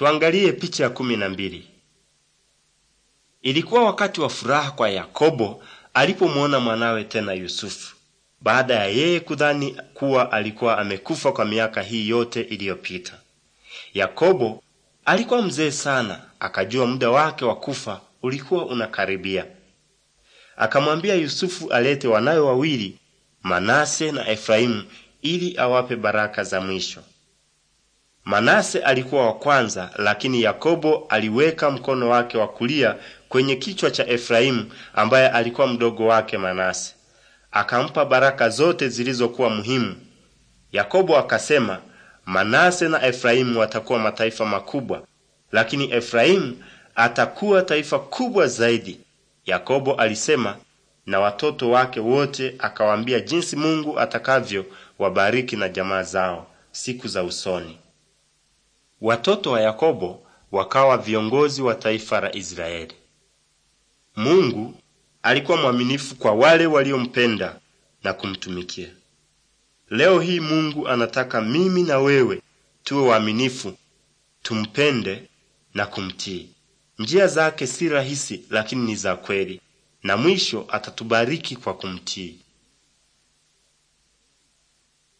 Tuangalie picha ya kumi na mbili. Ilikuwa wakati wa furaha kwa Yakobo alipomwona mwanawe tena Yusufu, baada ya yeye kudhani kuwa alikuwa amekufa kwa miaka hii yote iliyopita. Yakobo alikuwa mzee sana, akajua muda wake wa kufa ulikuwa unakaribia. Akamwambia Yusufu alete wanawe wawili, Manase na Efraimu, ili awape baraka za mwisho. Manase alikuwa wa kwanza, lakini Yakobo aliweka mkono wake wa kulia kwenye kichwa cha Efraimu ambaye alikuwa mdogo wake Manase, akampa baraka zote zilizokuwa muhimu. Yakobo akasema, Manase na Efraimu watakuwa mataifa makubwa, lakini Efraimu atakuwa taifa kubwa zaidi. Yakobo alisema na watoto wake wote, akawaambia jinsi Mungu atakavyo wabariki na jamaa zao siku za usoni. Watoto wa Yakobo wakawa viongozi wa taifa la Israeli. Mungu alikuwa mwaminifu kwa wale waliompenda na kumtumikia. Leo hii Mungu anataka mimi na wewe tuwe waaminifu, tumpende na kumtii. Njia zake si rahisi, lakini ni za kweli, na mwisho atatubariki kwa kumtii.